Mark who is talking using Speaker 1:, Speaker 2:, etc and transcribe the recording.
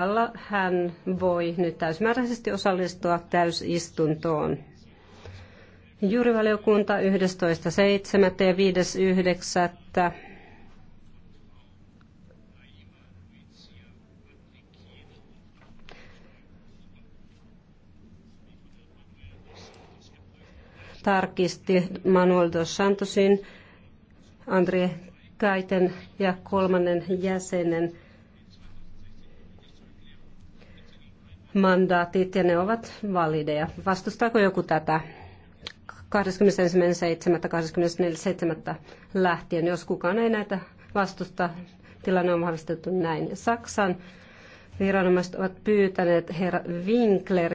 Speaker 1: Tällä hän voi nyt täysmääräisesti osallistua täysistuntoon. Juurivaliokunta 11.7. ja 5.9. tarkisti Manuel dos Santosin, Andre Kaiten ja kolmannen jäsenen mandaatit ja ne ovat valideja. Vastustaako joku tätä 21.7.24.7. lähtien, jos kukaan ei näitä vastusta, tilanne on vahvistettu näin. Saksan viranomaiset ovat pyytäneet herra Winkler